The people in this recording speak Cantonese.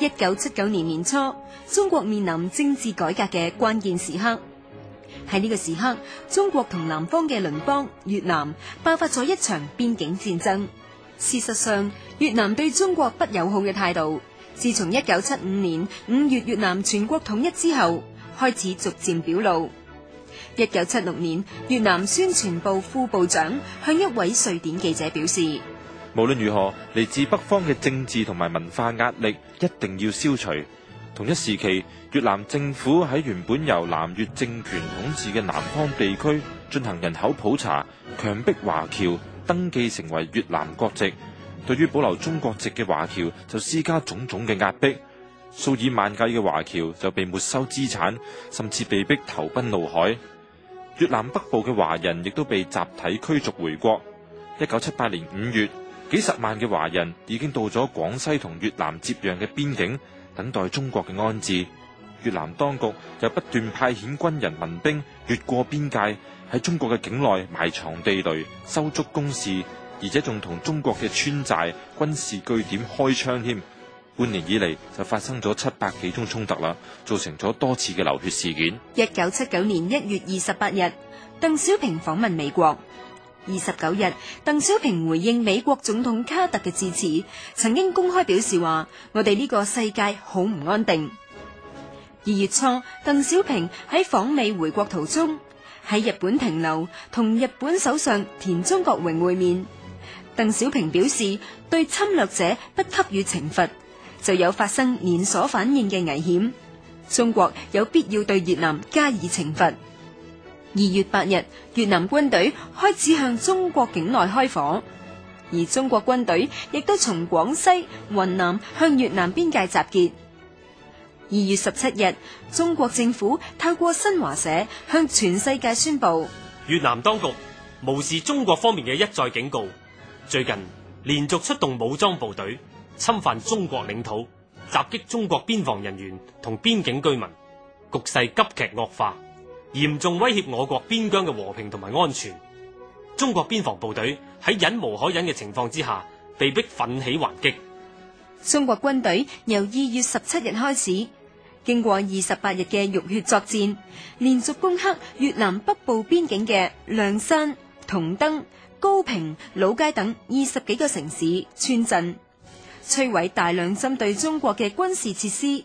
一九七九年年初，中國面臨政治改革嘅關鍵時刻。喺呢個時刻，中國同南方嘅鄰邦越南爆發咗一場邊境戰爭。事實上，越南對中國不友好嘅態度，自從一九七五年五月越南全國統一之後，開始逐漸表露。一九七六年，越南宣傳部副部長向一位瑞典記者表示。無論如何，嚟自北方嘅政治同埋文化壓力一定要消除。同一時期，越南政府喺原本由南越政權統治嘅南方地區進行人口普查，強迫華僑登記成為越南國籍。對於保留中國籍嘅華僑，就施加種種嘅壓迫。數以萬計嘅華僑就被沒收資產，甚至被迫投奔怒海。越南北部嘅華人亦都被集體驅逐回國。一九七八年五月。幾十萬嘅華人已經到咗廣西同越南接壤嘅邊境，等待中國嘅安置。越南當局又不斷派遣軍人、民兵越過邊界，喺中國嘅境內埋藏地雷、收足工事，而且仲同中國嘅村寨、軍事據點開槍添。半年以嚟就發生咗七百幾宗衝突啦，造成咗多次嘅流血事件。一九七九年一月二十八日，鄧小平訪問美國。二十九日，鄧小平回應美國總統卡特嘅致辭，曾經公開表示話：我哋呢個世界好唔安定。二月初，鄧小平喺訪美回國途中喺日本停留，同日本首相田中角榮會面。鄧小平表示：對侵略者不給予懲罰，就有發生連鎖反應嘅危險。中國有必要對越南加以懲罰。二月八日，越南軍隊開始向中國境內開火，而中國軍隊亦都從廣西、雲南向越南邊界集結。二月十七日，中國政府透過新華社向全世界宣布，越南當局無視中國方面嘅一再警告，最近連續出動武裝部隊侵犯中國領土，襲擊中國邊防人員同邊境居民，局勢急劇惡化。嚴重威脅我國邊疆嘅和平同埋安全。中國邊防部隊喺忍無可忍嘅情況之下，被迫奮起還擊。中國軍隊由二月十七日開始，經過二十八日嘅浴血作戰，連續攻克越南北部邊境嘅諒山、同登、高平、老街等二十幾個城市村鎮，摧毀大量針對中國嘅軍事設施。